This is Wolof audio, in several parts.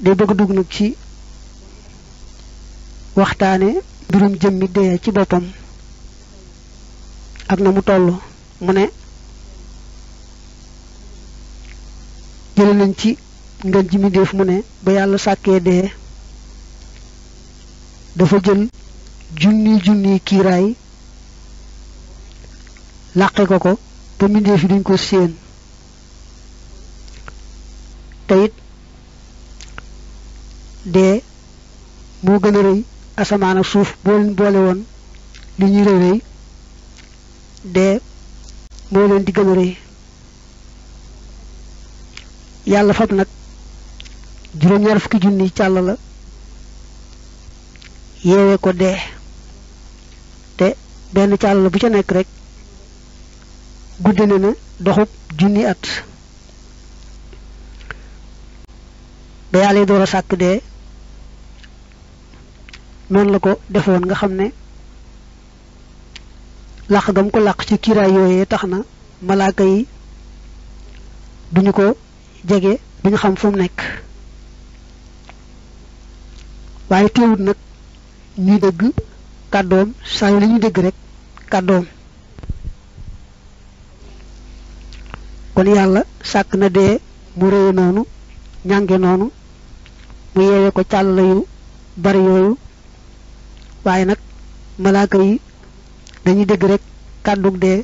day bëgg dugg nag ci waxtaane mbirum jëmmi dee ci boppam ak na mu toll mu ne jële nañ ci ngën ji mindéef mu ne ba yàlla sàkkee dee dafa jël junni junni kiiraay làqe ko ko ba mindéef yi duñ ko séen te dee moo gën a rëy asamaan ak suuf boo leen boole woon li ñuy rëy rëy dee moo leen di gën a rëy yàlla fab nag juróom-ñaar fukki junni càll la yeewee ko dee te benn càll la bu ca nekk rek gudde na na doxub junni at ba doo door sàkk dee noonu la ko defoon nga xam ne làq gam ko làq ci kiiraay yooyee tax na malaaka yi duñu ko jege duñu xam fu mu nekk waaye teewut nag ñuy dégg kàddoom saa yu ñuy dégg rek kàddoom kon yàlla sàkk na dee mu réye noonu ñànge noonu mu yeewe ko càll yu bari yooyu waaye nag malaaka yi dañuy dégg rek kàddug dee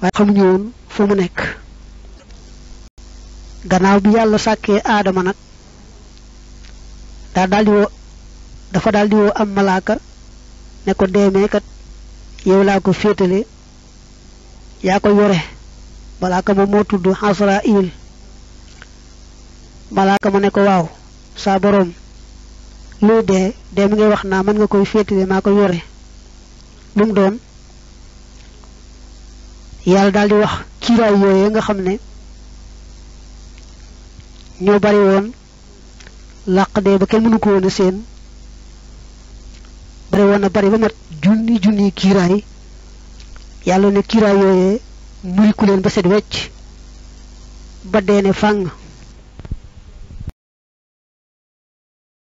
waaye xamuñu woon fu mu nekk gannaaw bi yàlla sàkkee aadama nag daa daldi dafa daldi am malaaka ne ko deemeekat yow laa ko féetale yaa ko yore malaaka ma moo tudd Asraayil malaaka ma ne ko waaw saa boroom luy dee dee mi ngay wax naa mën nga koy féete maa ko yore lu mu doon yàlla daal di wax kiiraay yooyu nga xam ne ñoo bari woon làq dee ba kenn mënu ko woon seen bari woon bari ba mat junni junni kiiraay yàlla ne kiiraay yooyee muriku leen ba set wecc ba dee ne fàng